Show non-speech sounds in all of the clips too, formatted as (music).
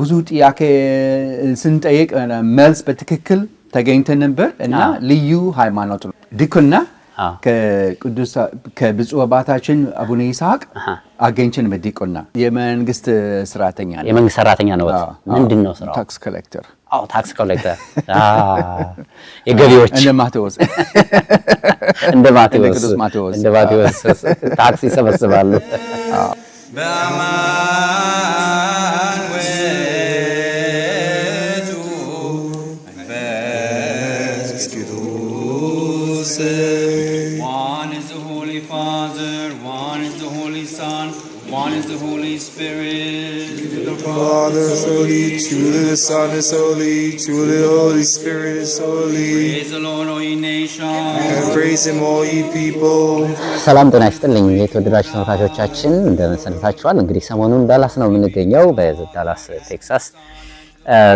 ብዙ ጥያቄ ስንጠይቅ መልስ በትክክል ተገኝተ ነበር እና ልዩ ሃይማኖት ነው ድኩና ከብፁዕ አባታችን አቡነ ይስሐቅ አገኝችን በዲቁና የመንግስት ሰራተኛ ነው። የመንግስት ሰራተኛ ነው። ምንድን ነው ስራው? ታክስ ኮሌክተር። አዎ ታክስ ኮሌክተር (laughs) የገቢዎች እንደ ማቴዎስ (laughs) እንደ ማቴዎስ እንደ ማቴዎስ ታክስ ይሰበስባሉ። Father is holy, truly the Son is holy, truly the Holy Spirit is holy. Praise the Lord, O ye nations. praise him, ye people. ሰላም ጤና ይስጥልኝ የተወደዳችሁ ተመልካቾቻችን እንደምን ሰንብታችኋል? እንግዲህ ሰሞኑን ዳላስ ነው የምንገኘው በዳላስ ቴክሳስ።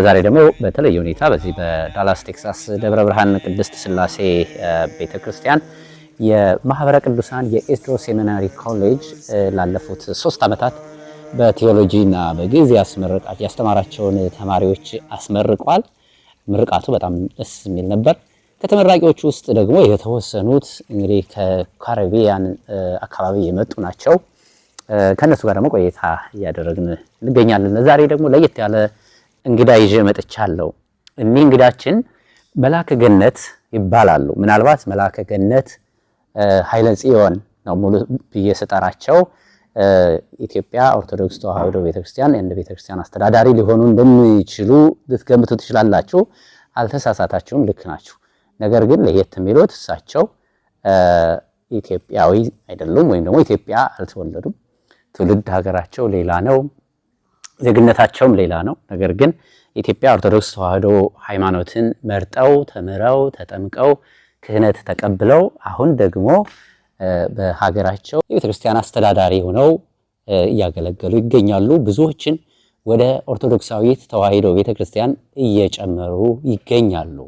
ዛሬ ደግሞ በተለየ ሁኔታ በዚህ በዳላስ ቴክሳስ ደብረ ብርሃን ቅድስት ስላሴ ቤተክርስቲያን የማህበረ ቅዱሳን የኤስድሮ ሴሚናሪ ኮሌጅ ላለፉት ሶስት ዓመታት በቴዎሎጂ እና ያስመረቃት ያስተማራቸውን ተማሪዎች አስመርቋል። ምርቃቱ በጣም ደስ የሚል ነበር። ከተመራቂዎች ውስጥ ደግሞ የተወሰኑት እንግዲህ ከካሪቢያን አካባቢ የመጡ ናቸው። ከእነሱ ጋር ደግሞ ቆይታ እያደረግን እንገኛለን። ዛሬ ደግሞ ለየት ያለ እንግዳ ይዤ መጥቻለሁ። እኒህ እንግዳችን መላከ ገነት ይባላሉ። ምናልባት መላከ ገነት ኃይለ ጽዮን ነው ሙሉ ብዬ ስጠራቸው ኢትዮጵያ ኦርቶዶክስ ተዋህዶ ቤተክርስቲያን እንደ ቤተክርስቲያን አስተዳዳሪ ሊሆኑ እንደሚችሉ ልትገምቱ ትችላላችሁ። አልተሳሳታችሁም፣ ልክ ናችሁ። ነገር ግን ለየት የሚሉት እሳቸው ኢትዮጵያዊ አይደሉም፣ ወይም ደግሞ ኢትዮጵያ አልተወለዱም። ትውልድ ሀገራቸው ሌላ ነው፣ ዜግነታቸውም ሌላ ነው። ነገር ግን ኢትዮጵያ ኦርቶዶክስ ተዋህዶ ሃይማኖትን መርጠው ተምረው ተጠምቀው ክህነት ተቀብለው አሁን ደግሞ በሀገራቸው የቤተክርስቲያን አስተዳዳሪ ሆነው እያገለገሉ ይገኛሉ። ብዙዎችን ወደ ኦርቶዶክሳዊት ተዋሕዶ ቤተክርስቲያን እየጨመሩ ይገኛሉ።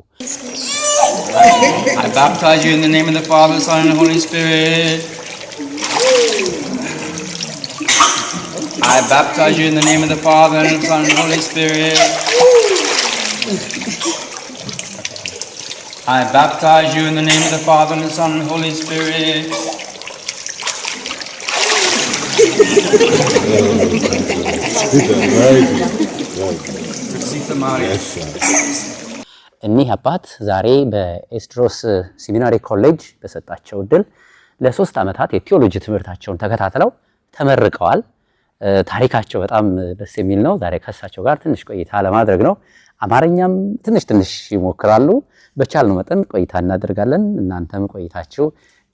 I baptize you in the name of the Father, and of the Son, and the Holy Spirit. I baptize you in the name of the Father, and the Son, and the Holy Spirit. እኒህ አባት ዛሬ በኤስድሮስ ሴሚናሪ ኮሌጅ በሰጣቸው እድል ለሶስት ዓመታት የቴዎሎጂ ትምህርታቸውን ተከታትለው ተመርቀዋል። ታሪካቸው በጣም ደስ የሚል ነው። ዛሬ ከእሳቸው ጋር ትንሽ ቆይታ ለማድረግ ነው። አማርኛም ትንሽ ትንሽ ይሞክራሉ። በቻልነው መጠን ቆይታ እናደርጋለን። እናንተም ቆይታችሁ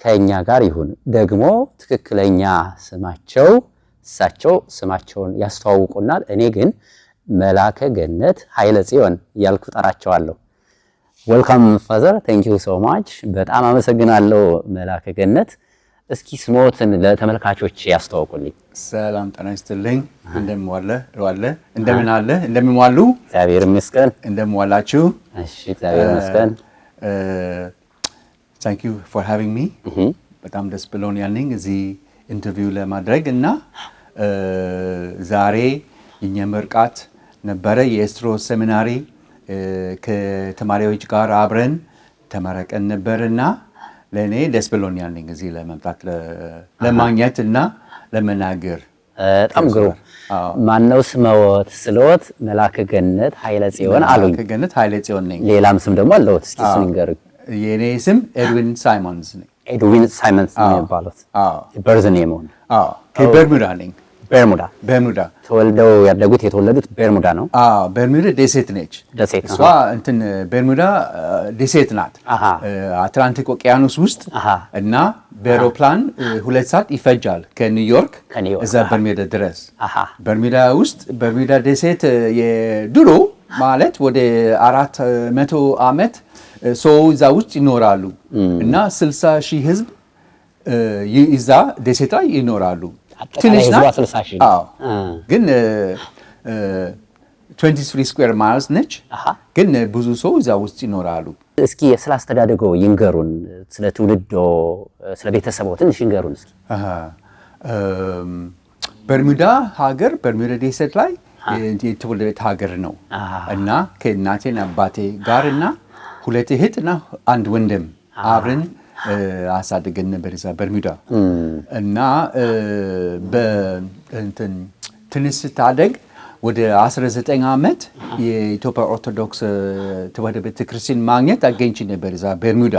ከእኛ ጋር ይሁን። ደግሞ ትክክለኛ ስማቸው እሳቸው ስማቸውን ያስተዋውቁናል። እኔ ግን መላከ ገነት ኃይለ ጽዮን እያልኩ ጠራቸዋለሁ። ወልካም ፋዘር ቴንኪዩ ሶ ማች በጣም አመሰግናለሁ መላከ ገነት። እስኪ ስሞትን ለተመልካቾች ያስተዋውቁልኝ። ሰላም ጤና ይስጥልኝ። እንደምን ዋለ እንደምን አለ እንደምን እግዚአብሔር ይመስገን። እንደምዋላችሁ እሺ፣ እግዚአብሔር ይመስገን። ታንክ ዩ ፎር ሃቪንግ ሚ። በጣም ደስ ብሎኛል ነኝ እዚህ ኢንተርቪው ለማድረግ እና ዛሬ የእኛ ምርቃት ነበረ የኤስትሮ ሴሚናሪ ከተማሪዎች ጋር አብረን ተመረቀን ነበር እና ለእኔ ደስ ብሎኛል ነኝ እዚህ ለመምጣት ለማግኘት እና ለመናገር በጣም ግሩም ማነው ስመወት ስለወት መላከ ገነት ኃይለ ጽዮን አሉኝ። ገነት ኃይለ ጽዮን ነኝ። ሌላም ስም ደግሞ አለዎት? እስኪ እሱን ይንገሩኝ። የእኔ ስም ኤድዊን ሳይመንስ ነኝ። ኤድዊን ሳይመንስ ነው የሚባሉት። በርዝ ኔም ሆነ ከበርሙዳ ነኝ በርሙዳ በርሙዳ ተወልደው ያደጉት የተወለዱት በርሙዳ ነው። በርሙዳ ደሴት ነች። ደሴት እሷ እንትን በርሙዳ ደሴት ናት፣ አትላንቲክ ኦቅያኖስ ውስጥ እና በአውሮፕላን ሁለት ሰዓት ይፈጃል ከኒውዮርክ እዛ በርሙዳ ድረስ። በርሙዳ ውስጥ በርሙዳ ደሴት የድሮ ማለት ወደ አራት መቶ ዓመት ሰው እዛ ውስጥ ይኖራሉ እና ስልሳ ሺህ ህዝብ እዛ ደሴት ላይ ይኖራሉ ትንሽ ናት ግን ትዌንቲ ስኩዌር ማይልስ ነች። ግን ብዙ ሰው እዛ ውስጥ ይኖራሉ። እስኪ ስለ አስተዳደጎ ይንገሩን፣ ስለ ትውልዶ፣ ስለ ቤተሰቦ ትንሽ ይንገሩን እስኪ። በርሙዳ ሀገር በርሙዳ ደሴት ላይ የተወለደች ሀገር ነው እና ከእናቴን አባቴ ጋር እና ሁለት እህት እና አንድ ወንድም አብረን አሳድገን ነበር እዛ በርሚዳ እና በትንስ ትንሽ ስታደግ ወደ 19 ዓመት የኢትዮጵያ ኦርቶዶክስ ተዋህዶ ቤተክርስቲያን ማግኘት አገኝች ነበር እዛ በርሚዳ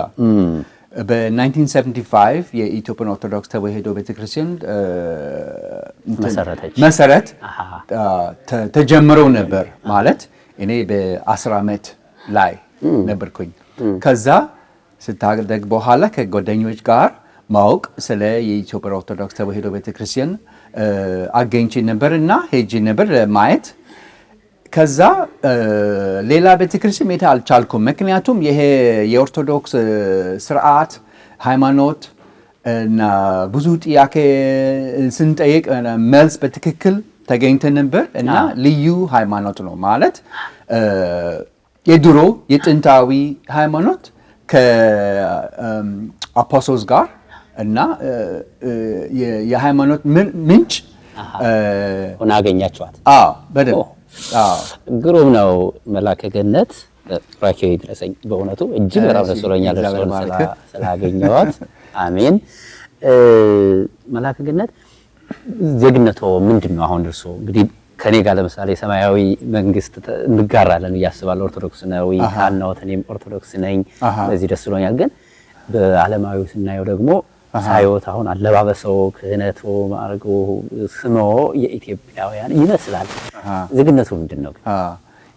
በ በ1975 የኢትዮጵያን ኦርቶዶክስ ተዋሕዶ ቤተክርስቲያን መሰረት ተጀምረው ነበር ማለት እኔ በ10 ዓመት ላይ ነበርኩኝ ከዛ ስታደግ በኋላ ከጓደኞች ጋር ማወቅ ስለ የኢትዮጵያ ኦርቶዶክስ ተዋሕዶ ቤተክርስቲያን አገኝቼ ነበር እና ሄጄ ነበር ለማየት። ከዛ ሌላ ቤተክርስቲያን መሄድ አልቻልኩም። ምክንያቱም ይሄ የኦርቶዶክስ ስርዓት ሃይማኖት እና ብዙ ጥያቄ ስንጠይቅ መልስ በትክክል ተገኝተ ነበር እና ልዩ ሃይማኖት ነው ማለት የድሮ የጥንታዊ ሃይማኖት ከአፖስቶስ ጋር እና የሃይማኖት ምንጭ ሆነ አገኛቸዋት። በደንብ ግሩም ነው። መላከ ገነት ራኬው ይድረሰኝ። በእውነቱ እጅግ በጣም ደስ ብሎኛል እርስዎን ስላገኘሁት። አሜን። መላከ ገነት ዜግነቶ ምንድን ነው? አሁን እርስዎ እንግዲህ ከኔ ጋር ለምሳሌ ሰማያዊ መንግስት እንጋራለን ብዬ ኦርቶዶክስ ነው አናወት፣ እኔም ኦርቶዶክስ ነኝ። በዚህ ደስ ብሎኛል። ግን በአለማዊ ስናየው ደግሞ ሳይወት አሁን አለባበሰው፣ ክህነቶ፣ ማርጎ ስኖ የኢትዮጵያውያን ይመስላል። ዝግነቱ ምንድን ነው?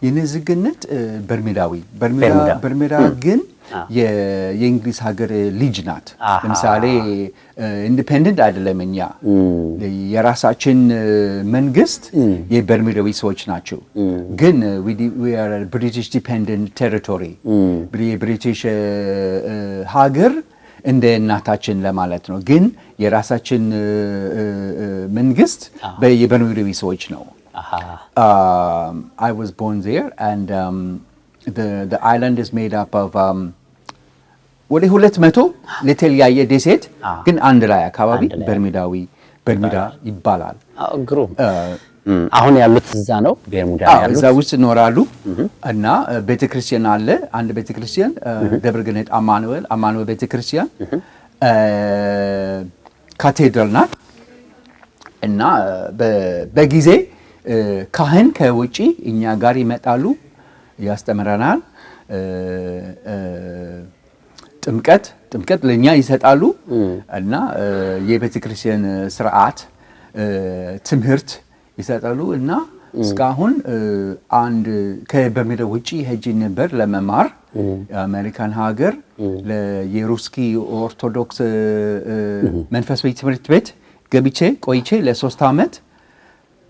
የንዝግነት በርሜዳዊ በርሜዳ ግን የእንግሊዝ ሀገር ልጅ ናት። ለምሳሌ ኢንዲፔንደንት አይደለም። እኛ የራሳችን መንግስት የበርሜዳዊ ሰዎች ናቸው፣ ግን ብሪቲሽ ዲፔንደንት ቴሪቶሪ የብሪቲሽ ሀገር እንደ እናታችን ለማለት ነው። ግን የራሳችን መንግስት የበርሜዳዊ ሰዎች ነው። Aha. Uh, I was born there, and um, the the island is made up of um, ወደ ሁለት መቶ የተለያየ ደሴት ግን አንድ ላይ አካባቢ በርሚዳዊ በርሚዳ ይባላል። አሁን ያሉት እዛ ነው። እዛ ውስጥ ይኖራሉ እና ቤተክርስቲያን አለ። አንድ ቤተክርስቲያን ደብረ አማኑኤል አማኑኤል ቤተክርስቲያን ካቴድራል ናት እና በጊዜ ካህን ከውጪ እኛ ጋር ይመጣሉ፣ ያስተምረናል። ጥምቀት ጥምቀት ለእኛ ይሰጣሉ እና የቤተ ክርስቲያን ስርዓት ትምህርት ይሰጣሉ እና እስካሁን አንድ በምድር ውጭ ሄጄ ነበር ለመማር አሜሪካን ሀገር የሩስኪ ኦርቶዶክስ መንፈሳዊ ትምህርት ቤት ገብቼ ቆይቼ ለሶስት ዓመት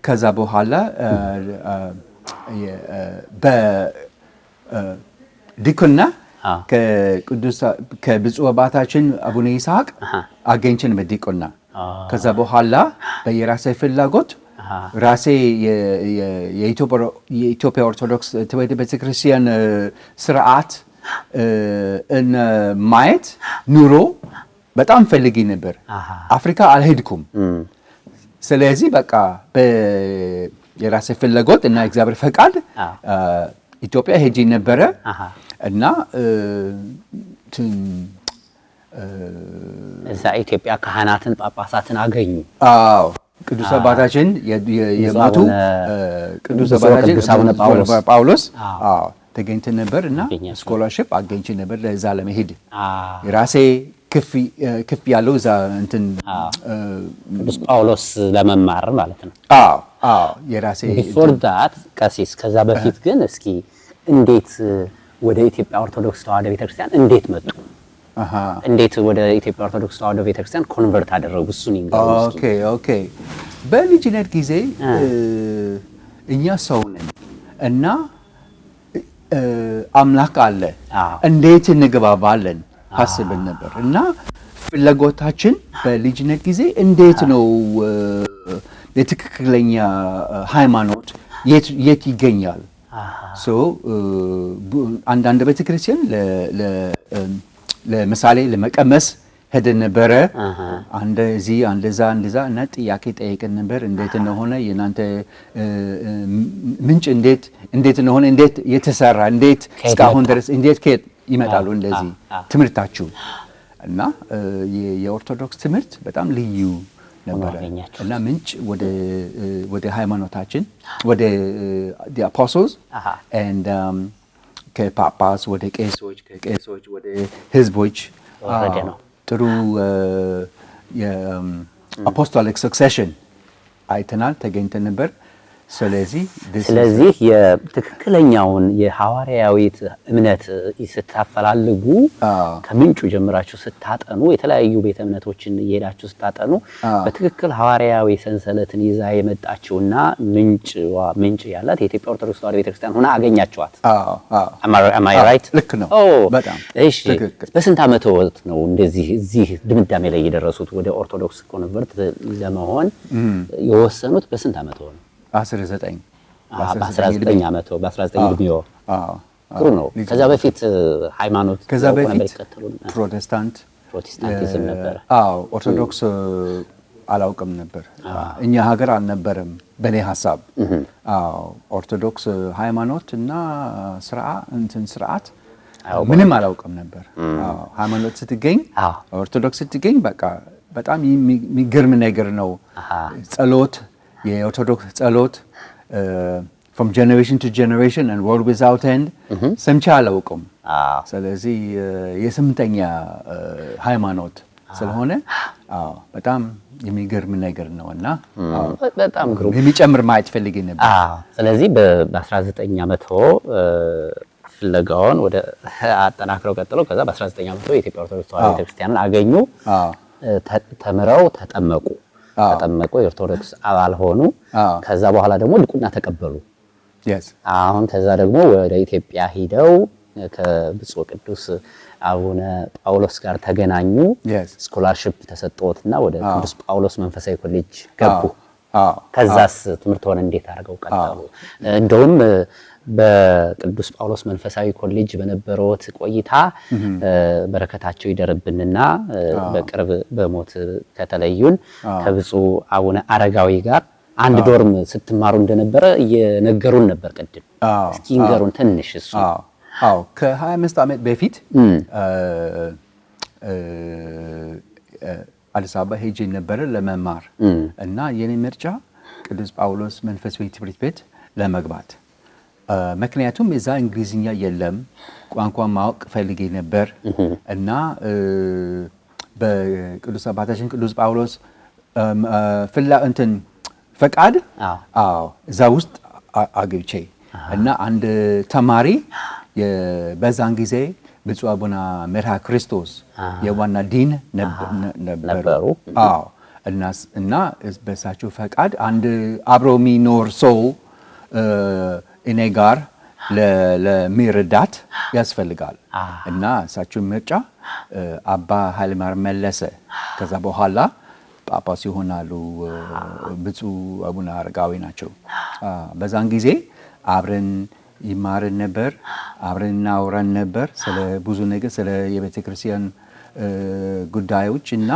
ከዛ በኋላ በዲኩና ከብፁዕ አባታችን አቡነ ይስሐቅ አገኝችን በዲቁና ከዛ በኋላ በየራሴ ፍላጎት ራሴ የኢትዮጵያ ኦርቶዶክስ ተዋሕዶ ቤተክርስቲያን ስርዓት ማየት ኑሮ በጣም ፈልጊ ነበር። አፍሪካ አልሄድኩም። ስለዚህ በቃ የራሴ ፍላጎት እና እግዚአብሔር ፈቃድ ኢትዮጵያ ሄጂ ነበረ እና እዛ ኢትዮጵያ ካህናትን ጳጳሳትን አገኙ። ቅዱስ አባታችን የማቱ ቅዱስ አባታችን ጳውሎስ ተገኝተን ነበር እና ስኮላርሽፕ አገኝቼ ነበር ለዛ ለመሄድ የራሴ ክፍ ያለው እዛ እንትን ቅዱስ ጳውሎስ ለመማር ማለት ነው። አዎ አዎ፣ የራሴ ቢፎር ዳት ቀሲስ። ከዛ በፊት ግን እስኪ እንዴት ወደ ኢትዮጵያ ኦርቶዶክስ ተዋህዶ ቤተክርስቲያን እንዴት መጡ? እንዴት ወደ ኢትዮጵያ ኦርቶዶክስ ተዋህዶ ቤተክርስቲያን ኮንቨርት አደረጉ? እሱን በልጅነት ጊዜ እኛ ሰው ነን እና አምላክ አለ፣ እንዴት እንግባባለን ታስብን ነበር እና ፍላጎታችን በልጅነት ጊዜ እንዴት ነው የትክክለኛ ሃይማኖት የት ይገኛል? አንዳንድ ቤተክርስቲያን ለምሳሌ ለመቀመስ ሄደን ነበረ። እንደዚህ እንደዛ እንደዛ እና ጥያቄ ጠየቅን ነበር። እንዴት እንደሆነ የእናንተ ምንጭ እንዴት እንዴት እንደሆነ እንዴት የተሰራ እንዴት እስካሁን ድረስ እንዴት ከየት ይመጣሉ እንደዚህ ትምህርታችሁ እና የኦርቶዶክስ ትምህርት በጣም ልዩ ነበረ እና ምንጭ ወደ ሃይማኖታችን ወደ አፖስቶልስ ከጳጳስ ወደ ቄሶች ከቄሶች ወደ ህዝቦች ጥሩ የአፖስቶሊክ ሰክሴሽን አይተናል፣ ተገኝተን ነበር። ስለዚህ የትክክለኛውን የሐዋርያዊት እምነት ስታፈላልጉ ከምንጩ ጀምራችሁ ስታጠኑ የተለያዩ ቤተ እምነቶችን እየሄዳችሁ ስታጠኑ በትክክል ሐዋርያዊ ሰንሰለትን ይዛ የመጣችውና ምንጭ ያላት የኢትዮጵያ ኦርቶዶክስ ተዋሕዶ ቤተክርስቲያን ሆና አገኛችኋት። ራይት ልክ ነው። በስንት ወት ነው እንደዚህ እዚህ ድምዳሜ ላይ የደረሱት ወደ ኦርቶዶክስ ኮንቨርት ለመሆን የወሰኑት በስንት ዓመተወት ነው? በ19 በ19 ዓመቶ በ19 ዕድሜዎ ጥሩ ነው። ከዛ በፊት ሃይማኖት ከዛ በፊት ፕሮቴስታንት ፕሮቴስታንቲዝም ነበር። አዎ ኦርቶዶክስ አላውቅም ነበር። እኛ ሀገር አልነበረም በእኔ ሀሳብ። ኦርቶዶክስ ሃይማኖት እና ስርዓ እንትን ስርዓት ምንም አላውቅም ነበር። ሃይማኖት ስትገኝ ኦርቶዶክስ ስትገኝ በቃ በጣም የሚገርም ነገር ነው። ጸሎት የኦርቶዶክስ ጸሎት ፍሮም ጀኔሬሽን ቱ ጀኔሬሽን አንድ ወርልድ ዊዛውት ኤንድ ሰምቼ አላውቅም። ስለዚህ የስምንተኛ ሃይማኖት ስለሆነ በጣም የሚገርም ነገር ነው እና የሚጨምር ማየት ፈልግ ነበር። ስለዚህ በ ዓመቶ ፍለጋውን ወደ (laughs) አጠናክረው ቀጥለው ከዛ በ ዓመቶ የኢትዮጵያ ኦርቶዶክስ ተዋሕዶ ቤተክርስቲያንን አገኙ፣ ተምረው ተጠመቁ። ተጠመቁ፣ የኦርቶዶክስ አባል ሆኑ። ከዛ በኋላ ደግሞ ድቁና ተቀበሉ። አሁን ከዛ ደግሞ ወደ ኢትዮጵያ ሂደው ከብፁዕ ቅዱስ አቡነ ጳውሎስ ጋር ተገናኙ። ስኮላርሽፕ ተሰጥቶትና ወደ ቅዱስ ጳውሎስ መንፈሳዊ ኮሌጅ ገቡ። ከዛስ ትምህርት ሆነ እንዴት አድርገው ቀጠሉ? እንደውም በቅዱስ ጳውሎስ መንፈሳዊ ኮሌጅ በነበረዎት ቆይታ በረከታቸው ይደርብንና በቅርብ በሞት ከተለዩን ከብፁዕ አቡነ አረጋዊ ጋር አንድ ዶርም ስትማሩ እንደነበረ እየነገሩን ነበር። ቅድም እስኪ ንገሩን ትንሽ እሱ። አዎ ከ25 ዓመት በፊት አዲስ አበባ ሄጄ ነበረ ለመማር እና የኔ ምርጫ ቅዱስ ጳውሎስ መንፈሳዊ ትምህርት ቤት ለመግባት ምክንያቱም እዛ እንግሊዝኛ የለም፣ ቋንቋ ማወቅ ፈልጌ ነበር እና በቅዱስ አባታችን ቅዱስ ጳውሎስ ፍላ እንትን ፈቃድ እዛ ውስጥ አግብቼ እና አንድ ተማሪ በዛን ጊዜ ብፁዕ አቡነ መርሃ ክርስቶስ የዋና ዲን ነበሩ። እና በሳቸው ፈቃድ አንድ አብሮ የሚኖር ሰው እኔ ጋር ለሚረዳት ያስፈልጋል እና እሳቸው ምርጫ አባ ሀይልማር መለሰ ከዛ በኋላ ጳጳስ ይሆናሉ። ብፁ አቡነ አረጋዊ ናቸው። በዛን ጊዜ አብረን ይማርን ነበር፣ አብረን እናወራን ነበር ስለ ብዙ ነገር ስለ የቤተ ክርስቲያን ጉዳዮች እና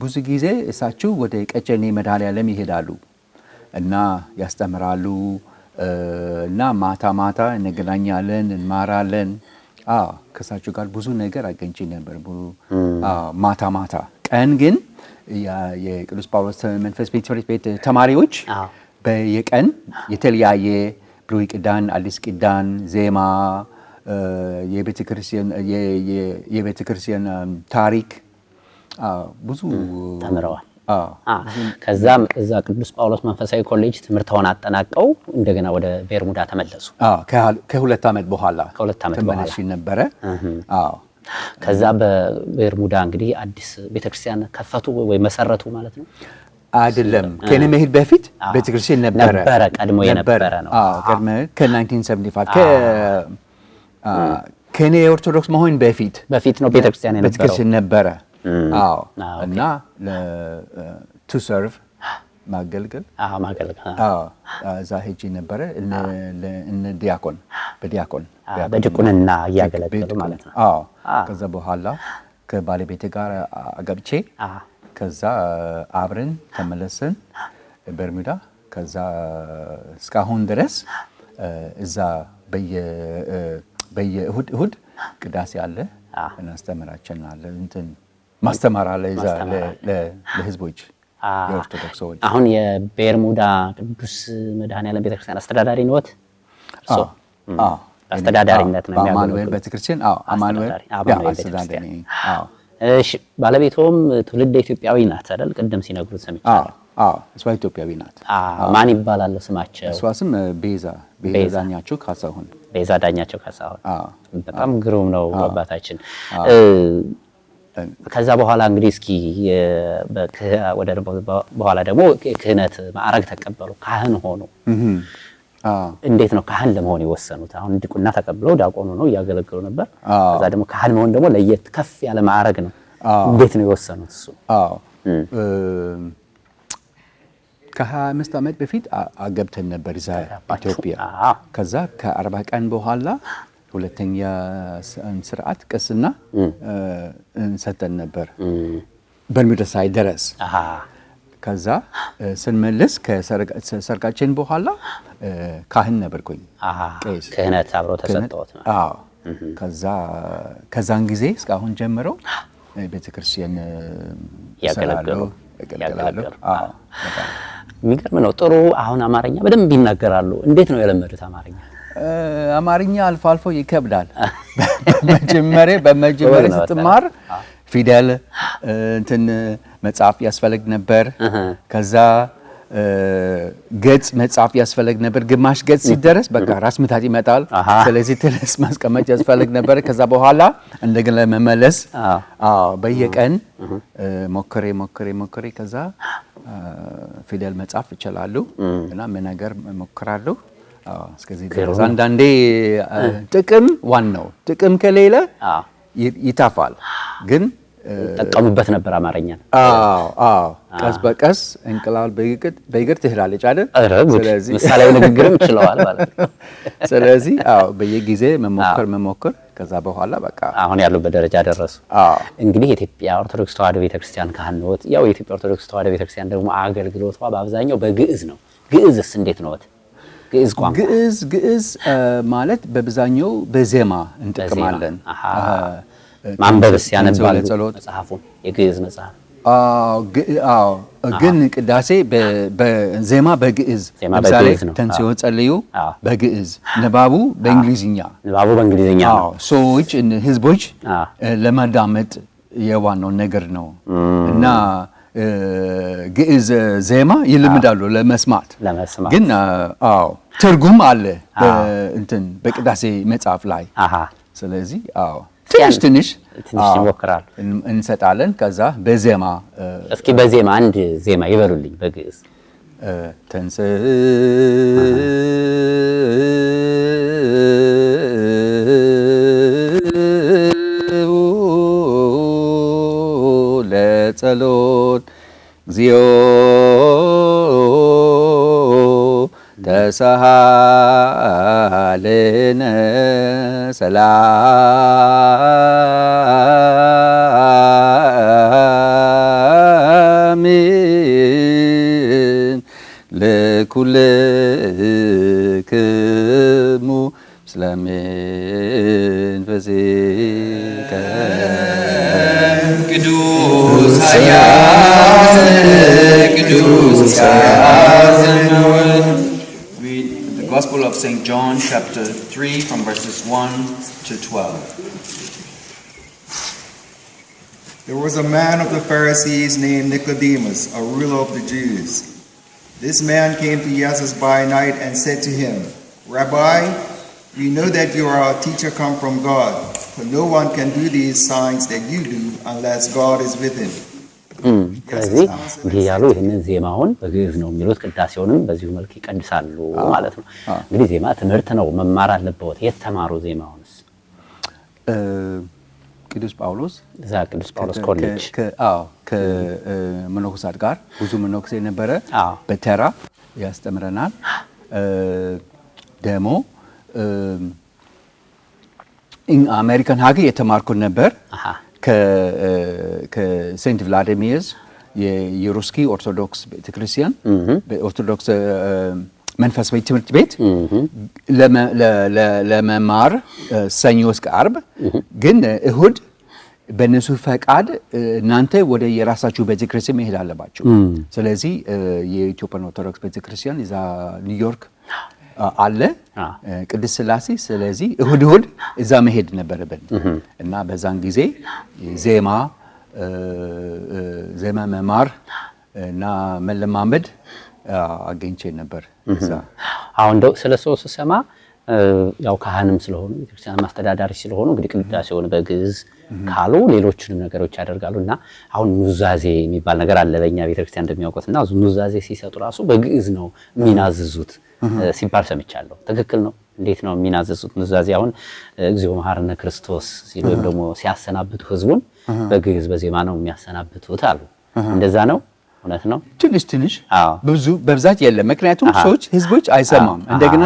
ብዙ ጊዜ እሳቸው ወደ ቀጨኔ መድኃኔዓለም ይሄዳሉ እና ያስተምራሉ። እና ማታ ማታ እንገናኛለን፣ እንማራለን። ከእሳቸው ጋር ብዙ ነገር አገኝቼ ነበር ማታ ማታ። ቀን ግን የቅዱስ ጳውሎስ መንፈስ ቤት ትምህርት ቤት ተማሪዎች በየቀን የተለያየ ብሉይ ኪዳን፣ አዲስ ኪዳን፣ ዜማ፣ የቤተክርስቲያን ታሪክ ብዙ ተምረዋል። ከዛም እዛ ቅዱስ ጳውሎስ መንፈሳዊ ኮሌጅ ትምህርትውን አጠናቀው እንደገና ወደ ቤርሙዳ ተመለሱ። ከሁለት ዓመት በኋላ ከሁለት ዓመት በኋላ ነበረ። ከዛ በቤርሙዳ እንግዲህ አዲስ ቤተክርስቲያን ከፈቱ ወይ መሰረቱ ማለት ነው። አይደለም ከኔ መሄድ በፊት ቤተክርስቲያን ነበረ ቀድሞ የነበረ ነው። ከ1975 ከኔ የኦርቶዶክስ መሆን በፊት በፊት ነው ቤተክርስቲያን ቤተክርስቲያን ነበረ አዎ። እና ቱ ሰርቭ ማገልገል እዛ ሄጂ ነበረ። እነ ዲያቆን በዲያቆን በድቁንና እያገለገሉ ማለት ነው። ከዛ በኋላ ከባለቤቴ ጋር አገብቼ ከዛ አብረን ተመለስን በርሚዳ። ከዛ እስካሁን ድረስ እዛ በየእሁድ እሁድ ቅዳሴ አለ እናስተምራችን አለ እንትን ማስተማር አለ ለህዝቦች የኦርቶዶክስ ሰዎች። አሁን የቤርሙዳ ቅዱስ መድኃኔዓለም ቤተክርስቲያን አስተዳዳሪ ነዎት? አስተዳዳሪነት ነው አማኑኤል ቤተክርስቲያን። እሺ ባለቤቶም ትውልድ ኢትዮጵያዊ ናት አይደል? ቅድም ሲነግሩት ሰምቻለሁ። እሷ ኢትዮጵያዊ ናት። ማን ይባላል ስማቸው? እሷ ስም ቤዛ ዳኛቸው ካሳሁን። ቤዛ ዳኛቸው ካሳሁን። በጣም ግሩም ነው አባታችን። ከዛ በኋላ እንግዲህ እስኪ ወደ በኋላ ደግሞ ክህነት ማዕረግ ተቀበሉ፣ ካህን ሆኑ። እንዴት ነው ካህን ለመሆን የወሰኑት? አሁን ዲቁና ተቀብለው ዲያቆኑ ነው እያገለገሉ ነበር። ከዛ ደግሞ ካህን መሆን ደግሞ ለየት ከፍ ያለ ማዕረግ ነው። እንዴት ነው የወሰኑት? እሱ ከሀያ አምስት ዓመት በፊት አገብተን ነበር እዛ ኢትዮጵያ። ከዛ ከአርባ ቀን በኋላ ሁለተኛ ስርዓት ቅስና እንሰጠን ነበር። በልምደሳይ ድረስ ከዛ ስንመልስ ከሰርጋችን በኋላ ካህን ነበርኩኝ። ክህነት አብሮ ተሰጠት ከዛ ከዛን ጊዜ እስካሁን ጀምሮ ቤተክርስቲያን ያገለገሉ የሚገርም ነው። ጥሩ። አሁን አማርኛ በደንብ ይናገራሉ። እንዴት ነው የለመዱት አማርኛ? አማርኛ አልፎ አልፎ ይከብዳል። በመጀመሪያ (laughs) በመጀመሪያ ስትማር ፊደል እንትን መጽሐፍ ያስፈልግ ነበር። ከዛ ገጽ መጽሐፍ ያስፈልግ ነበር። ግማሽ ገጽ ሲደረስ በቃ ራስ ምታት ይመጣል። ስለዚህ ትንሽ ማስቀመጥ ያስፈልግ ነበር። ከዛ በኋላ እንደገና ለመመለስ በየቀን ሞክሬ ሞክሬ ሞክሬ ከዛ ፊደል መጽሐፍ ይችላሉ እና ምን ነገር ሞክራለሁ እስከዚህ ድረስ አንዳንዴ ጥቅም ዋናው ጥቅም ከሌለ ይታፋል ግን ጠቀሙበት ነበር አማርኛን። ቀስ በቀስ እንቁላል በእግር ትሄዳለች አይደል? ንግግርም ችለዋል ማለት (laughs) ስለዚህ በየጊዜ መሞከር መሞከር ከዛ በኋላ በቃ አሁን ያሉበት ደረጃ ደረሱ። እንግዲህ የኢትዮጵያ ኦርቶዶክስ ቤተክርስቲያን ካህን ነዎት። ያው የኢትዮጵያ ኦርቶዶክስ ተዋሕዶ ቤተክርስቲያን ደግሞ አገልግሎቷ በአብዛኛው በግዕዝ ነው። ግዕዝስ እንዴት ነዎት? ግዕዝ ቋንቋ ግዕዝ ግዕዝ ማለት በብዛኛው በዜማ እንጠቅማለን። ማንበብስ ያነባሉ መጽሐፉን የግዕዝ መጽሐፍ ግን ቅዳሴ ዜማ በግዕዝ ለምሳሌ ተንሥኦ ጸልዩ በግዕዝ ንባቡ በእንግሊዝኛ ንባቡ በእንግሊዝኛ ሰዎች ህዝቦች ለማዳመጥ የዋናው ነገር ነው እና ግዕዝ ዜማ ይልምዳሉ ለመስማት ግን፣ አዎ ትርጉም አለ እንትን በቅዳሴ መጽሐፍ ላይ። ስለዚህ አዎ ትንሽ ትንሽ ይሞክራሉ እንሰጣለን። ከዛ በዜማ እስኪ በዜማ አንድ ዜማ ይበሉልኝ በግዕዝ ተንስ ለጸሎ እግዚኦ ተሳሃልነ ሰላሚን ልኩልክሙ ምስለ መንፈሲከ Read the Gospel of St. John, chapter 3, from verses 1 to 12. There was a man of the Pharisees named Nicodemus, a ruler of the Jews. This man came to Jesus by night and said to him, Rabbi, we know that you are a teacher come from God. For no one can do these signs that you do unless God is with him. Hmm. ስለዚህ እንዲህ ያሉ ይህንን ዜማውን በግዕዝ ነው የሚሉት። ቅዳሴውንም በዚሁ መልክ ይቀድሳሉ ማለት ነው። እንግዲህ ዜማ ትምህርት ነው፣ መማር አለበት። የት ተማሩ? ዜማውንስ ቅዱስ ጳውሎስ እዛ ቅዱስ ጳውሎስ ኮሌጅ ከመነኮሳት ጋር ብዙ መነኮሴ ነበረ። በተራ ያስተምረናል ደግሞ አሜሪካን ሀገር የተማርኩት ነበር ከሴንት ቭላዲሚርስ የሩስኪ ኦርቶዶክስ ቤተክርስቲያን ኦርቶዶክስ መንፈስ ቤት ትምህርት ቤት ለመማር ሰኞ እስከ አርብ ግን እሁድ በእነሱ ፈቃድ እናንተ ወደ የራሳችሁ ቤተክርስቲያን መሄድ አለባችሁ። ስለዚህ የኢትዮጵያን ኦርቶዶክስ ቤተክርስቲያን እዛ ኒውዮርክ አለ ቅድስት ስላሴ ስለዚህ እሁድ እሁድ እዛ መሄድ ነበረብን እና በዛን ጊዜ ዜማ ዜማ መማር እና መለማመድ አገኝቼ ነበር። አሁን ስለ ሰው ስሰማ ያው ካህንም ስለሆኑ ቤተክርስቲያን ማስተዳዳሪ ስለሆኑ እንግዲህ ቅዳሴውን በግዕዝ ካሉ ሌሎችንም ነገሮች ያደርጋሉ እና አሁን ኑዛዜ የሚባል ነገር አለ በእኛ ቤተክርስቲያን እንደሚያውቁት እና ኑዛዜ ሲሰጡ ራሱ በግዕዝ ነው የሚናዝዙት ሲባል ሰምቻለሁ። ትክክል ነው? እንዴት ነው የሚናዘዙት ኑዛዜ አሁን እግዚኦ መሐረነ ክርስቶስ ሲሉ ወይም ደግሞ ሲያሰናብቱ ህዝቡን በግዕዝ በዜማ ነው የሚያሰናብቱት አሉ። እንደዛ ነው። እውነት ነው። ትንሽ ትንሽ፣ ብዙ በብዛት የለም። ምክንያቱም ሰዎች ህዝቦች አይሰማም እንደገና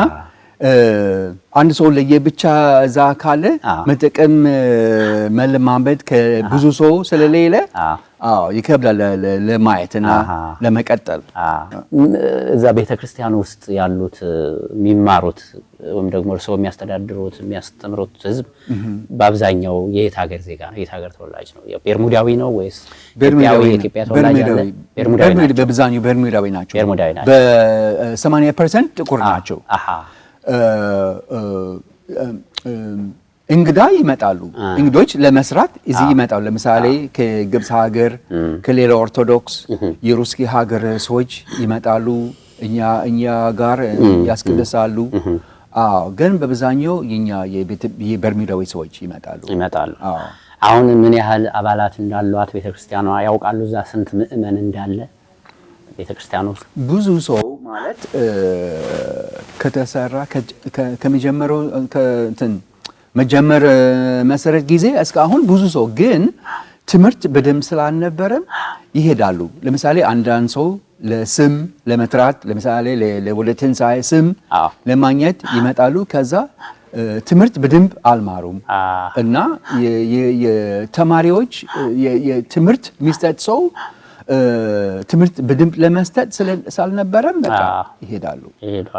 አንድ ሰው ለየብቻ እዛ ካለ መጠቀም መለማመድ ከብዙ ሰው ስለሌለ ይከብዳል ለማየት እና ለመቀጠል። እዛ ቤተ ክርስቲያን ውስጥ ያሉት የሚማሩት ወይም ደግሞ እርስዎ የሚያስተዳድሩት የሚያስተምሩት ህዝብ በአብዛኛው የየት ሀገር ዜጋ ነው? የየት ሀገር ተወላጅ ነው? ቤርሙዳዊ ነው ወይስ ኢትዮጵያ ተወላጅ አለ? በብዛኛው ቤርሙዳዊ ናቸው። በሰማንያ ፐርሰንት ጥቁር ናቸው። እንግዳ ይመጣሉ። እንግዶች ለመስራት እዚህ ይመጣሉ። ለምሳሌ ከግብፅ ሀገር፣ ከሌላ ኦርቶዶክስ የሩስኪ ሀገር ሰዎች ይመጣሉ፣ እኛ እኛ ጋር ያስቀድሳሉ። አዎ፣ ግን በብዛኛው የኛ የበርሚዳዊ ሰዎች ይመጣሉ ይመጣሉ። አሁን ምን ያህል አባላት እንዳሏት ቤተክርስቲያኗ ያውቃሉ? እዛ ስንት ምእመን እንዳለ ቤተክርስቲያኑ ብዙ ሰው ማለት ከተሰራ ከመጀመሪያው መጀመር መሰረት ጊዜ እስካሁን ብዙ ሰው ግን ትምህርት በደንብ ስላልነበረም ይሄዳሉ። ለምሳሌ አንዳንድ ሰው ለስም ለመጥራት ለምሳሌ ወደ ትንሣኤ ስም ለማግኘት ይመጣሉ። ከዛ ትምህርት በደንብ አልማሩም እና ተማሪዎች የትምህርት የሚሰጥ ሰው ትምህርት በድምፅ ለመስጠት ስላልነበረም በቃ ይሄዳሉ።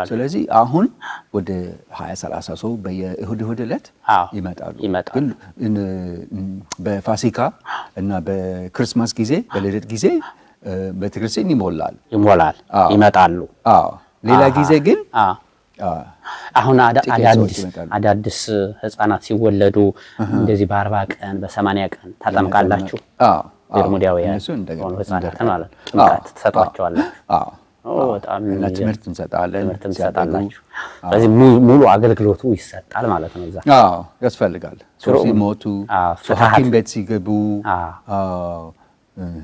ስለዚህ አሁን ወደ ሀያ ሰላሳ ሰው በየእሁድ እሁድ ዕለት ይመጣሉ። ግን በፋሲካ እና በክርስማስ ጊዜ በልደት ጊዜ ቤተክርስቲያን ይሞላል ይሞላል ይመጣሉ። ሌላ ጊዜ ግን አሁን አዳዲስ ህፃናት ሲወለዱ እንደዚህ በአርባ ቀን በሰማንያ ቀን ታጠምቃላችሁ? የሙዲያውያን ጥምቀት ትምህርት እንሰጣለን። ስለዚህ ሙሉ አገልግሎቱ ይሰጣል ማለት ነው። እዛ ያስፈልጋል። ሲሞቱ ሐኪም ቤት ሲገቡ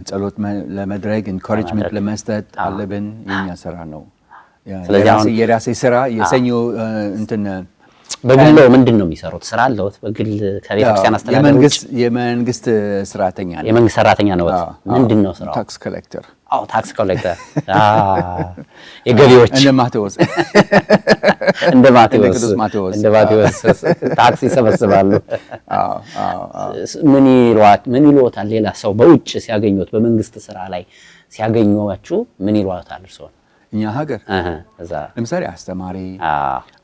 ጸሎት ለመድረግ ኢንኮሬጅመንት ለመስጠት አለብን። የኛ ስራ ነው። የራሴ ስራ የሰኞ እንትን በግል ምንድን ነው የሚሰሩት? ስራ አለዎት? በግል ከቤተክርስቲያን አስተዳደር የመንግስት ሰራተኛ ነው። የመንግስት ሰራተኛ ነው። ምንድን ነው ስራው? ታክስ ኮሌክተር። አዎ ታክስ ኮሌክተር። የገቢዎች እንደ ማቴዎስ እንደ ማቴዎስ እንደ ማቴዎስ ታክስ ይሰበስባሉ። ምን ይሏት ምን ይሏታል? ሌላ ሰው በውጭ ሲያገኙት በመንግስት ስራ ላይ ሲያገኟችሁ ምን ይሏታል እርስዎን? እኛ ሀገር ለምሳሌ አስተማሪ፣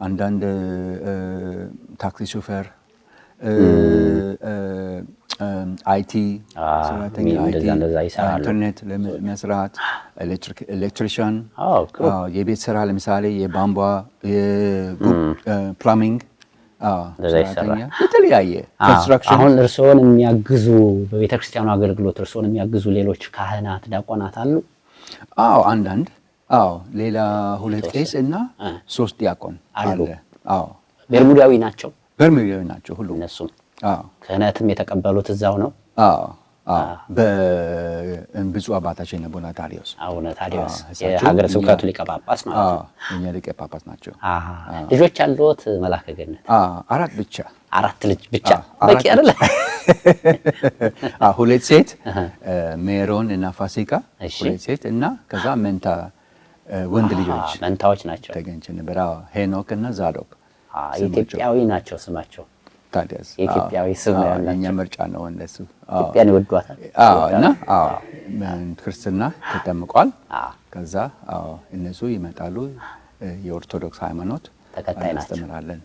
አንዳንድ ታክሲ ሾፌር፣ አይቲ ሰራተኛ፣ ኢንተርኔት ለመስራት ኤሌክትሪሽን፣ የቤት ስራ ለምሳሌ የቧንቧ ፕላሚንግ እንደዛ ይሰራል። የተለያየ አሁን እርስዎን የሚያግዙ በቤተክርስቲያኑ አገልግሎት እርስዎን የሚያግዙ ሌሎች ካህናት፣ ዲያቆናት አሉ? አዎ አንዳንድ አዎ ሌላ ሁለት ቄስ እና ሶስት ዲያቆን አሉ። አዎ በርሙዳዊ ናቸው። በርሙዳዊ ናቸው ሁሉ እነሱም። አዎ ክህነትም የተቀበሉት እዛው ነው። አዎ አዎ በብፁዕ አባታችን አቡነ ታዲዮስ አቡነ ታዲዮስ የሀገረ ስብከቱ ሊቀ ጳጳስ ማለት ነው። እኛ ሊቀ ጳጳስ ናቸው። ልጆች አሉት መላከ ገነት? አራት ብቻ አራት ልጅ ብቻ በቂ አይደለ? (laughs) ሁለት ሴት ሜሮን እና ፋሲካ፣ ሁለት ሴት እና ከዛ መንታ ወንድ ልጆች መንታዎች ናቸው ተገኝቼ ነበር። ሄኖክ እና ዛዶክ ኢትዮጵያዊ ናቸው ስማቸው። ታዲያስ የኢትዮጵያዊ ስም ያላቸው የእኛ ምርጫ ነው። እነሱ ኢትዮጵያን ይወዷታል እና ክርስትና ተጠምቋል። ከዛ እነሱ ይመጣሉ። የኦርቶዶክስ ሃይማኖት ተከታይ ናቸው። እናስተምራለን።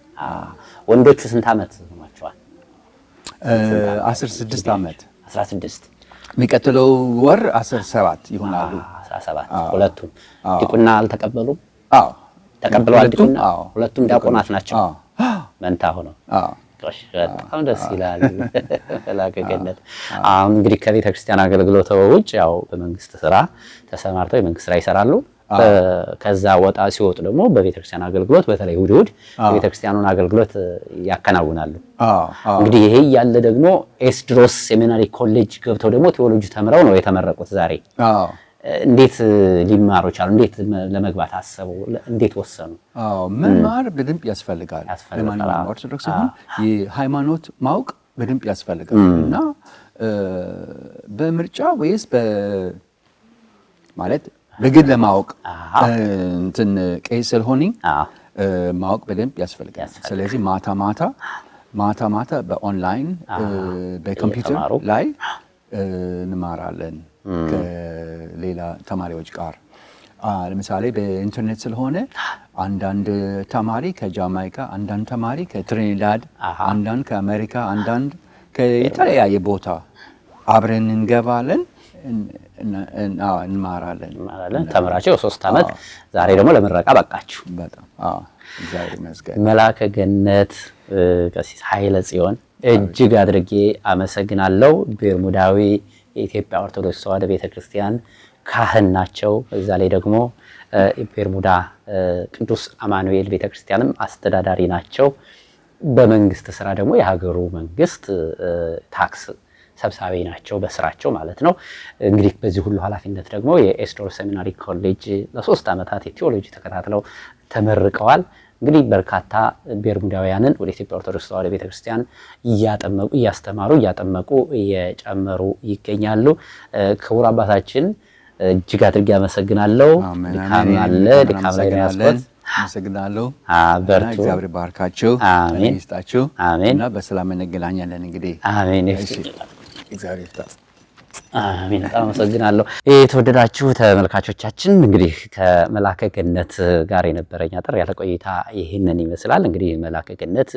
ወንዶቹ ስንት ዓመት ስማቸዋል? አስር ስድስት ዓመት አስራ ስድስት የሚቀጥለው ወር አስር ሰባት ይሆናሉ። 17 ሁለቱም ዲቁና አልተቀበሉም። አዎ ተቀብለዋል። ዲቁና ሁለቱም ዲያቆናት ናቸው። መንታ ሆነው በጣም ደስ ይላል። በላቀገነት አሁን እንግዲህ ከቤተ ክርስቲያን አገልግሎት ውጭ ያው በመንግስት ስራ ተሰማርተው የመንግስት ስራ ይሰራሉ። ከዛ ወጣ ሲወጡ ደግሞ በቤተክርስቲያን አገልግሎት በተለይ እሑድ እሑድ ቤተክርስቲያኑን አገልግሎት ያከናውናሉ። እንግዲህ ይሄ ያለ ደግሞ ኤስድሮስ ሴሚናሪ ኮሌጅ ገብተው ደግሞ ቴዎሎጂ ተምረው ነው የተመረቁት ዛሬ እንዴት ሊማሩ ቻሉ? እንዴት ለመግባት አሰቡ? እንዴት ወሰኑ? መማር በደንብ ያስፈልጋል። ለማንኛውም ኦርቶዶክስ ሲሆን የሃይማኖት ማወቅ በደንብ ያስፈልጋል እና በምርጫ ወይስ ማለት በግል ለማወቅ እንትን ቄስ ስለሆነ ማወቅ በደንብ ያስፈልጋል። ስለዚህ ማታ ማታ ማታ ማታ በኦንላይን በኮምፒውተር ላይ እንማራለን። ከሌላ ተማሪዎች ጋር ለምሳሌ በኢንተርኔት ስለሆነ አንዳንድ ተማሪ ከጃማይካ፣ አንዳንድ ተማሪ ከትሪኒዳድ፣ አንዳንድ ከአሜሪካ፣ አንዳንድ የተለያየ ቦታ አብረን እንገባለን እንማራለን ተምራቸው የሶስት ዓመት ዛሬ ደግሞ ለምረቃ በቃችሁ። መላከ ገነት ቀሲስ ኃይለ ጽዮን እጅግ አድርጌ አመሰግናለሁ። ቤርሙዳዊ የኢትዮጵያ ኦርቶዶክስ ተዋሕዶ ቤተክርስቲያን ካህን ናቸው። እዛ ላይ ደግሞ ቤርሙዳ ቅዱስ አማኑኤል ቤተክርስቲያንም አስተዳዳሪ ናቸው። በመንግስት ስራ ደግሞ የሀገሩ መንግስት ታክስ ሰብሳቢ ናቸው በስራቸው ማለት ነው። እንግዲህ በዚህ ሁሉ ኃላፊነት ደግሞ የኤስዶር ሴሚናሪ ኮሌጅ ለሶስት ዓመታት የቴዎሎጂ ተከታትለው ተመርቀዋል። እንግዲህ በርካታ ቤርሙዳውያንን ወደ ኢትዮጵያ ኦርቶዶክስ ተዋህዶ ቤተክርስቲያን እያጠመቁ እያስተማሩ እያጠመቁ እየጨመሩ ይገኛሉ። ክቡር አባታችን እጅግ አድርጌ አመሰግናለሁ። ድካም አለ፣ ድካም ላይ ነው ያስቆት አመሰግናለሁ። በርቱ፣ እግዚአብሔር ባርካችሁ፣ ይስጣችሁ እና በሰላም እንገናኛለን። እንግዲህ አሜን። እግዚአብሔር ይስጣችሁ። አሚን በጣም አመሰግናለሁ። የተወደዳችሁ ተመልካቾቻችን እንግዲህ ከመላከ ገነት ጋር የነበረኝ አጠር ያለ ቆይታ ይህንን ይመስላል። እንግዲህ መላከ ገነት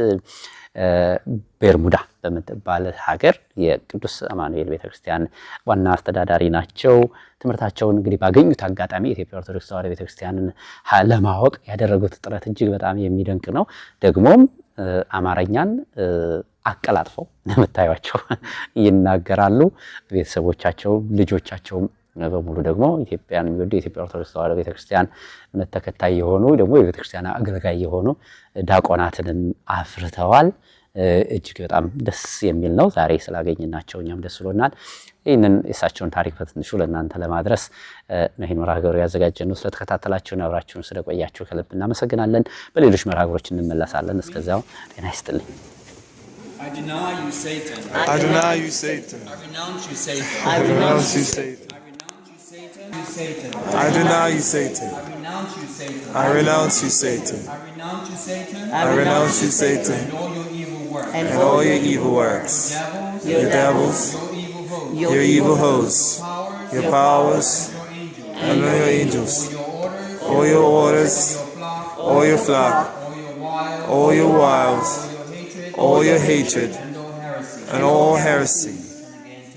ቤርሙዳ በምትባል ሀገር የቅዱስ አማኑኤል ቤተክርስቲያን ዋና አስተዳዳሪ ናቸው። ትምህርታቸውን እንግዲህ ባገኙት አጋጣሚ ኢትዮጵያ ኦርቶዶክስ ተዋሕዶ ቤተክርስቲያንን ለማወቅ ያደረጉት ጥረት እጅግ በጣም የሚደንቅ ነው ደግሞም አማርኛን አቀላጥፈው የምታዩቸው (laughs) ይናገራሉ። ቤተሰቦቻቸውም ልጆቻቸውም በሙሉ ደግሞ ኢትዮጵያን የሚወዱ የኢትዮጵያ ኦርቶዶክስ ተዋሕዶ ቤተክርስቲያን እምነት ተከታይ የሆኑ ደግሞ የቤተክርስቲያን አገልጋይ የሆኑ ዲያቆናትንም አፍርተዋል። እጅግ በጣም ደስ የሚል ነው። ዛሬ ስላገኝናቸው እኛም ደስ ብሎናል። ይህንን የእሳቸውን ታሪክ በትንሹ ለእናንተ ለማድረስ ይህን መርሃ ያዘጋጀ ነው። ስለተከታተላችሁን አብራችሁን ስለቆያችሁ ከልብ እናመሰግናለን። በሌሎች መርሃ እንመለሳለን። እስከዚያው ጤና ይስጥልኝ። I deny you, Satan. I renounce you, Satan. I renounce you, Satan. I renounce you, Satan. I renounce you, Satan. works, and, and all your evil works, your, devils, your evil hosts, your, powers, your powers, and your angels, all your orders, all your flock, all your wiles, all your hatred, and all heresy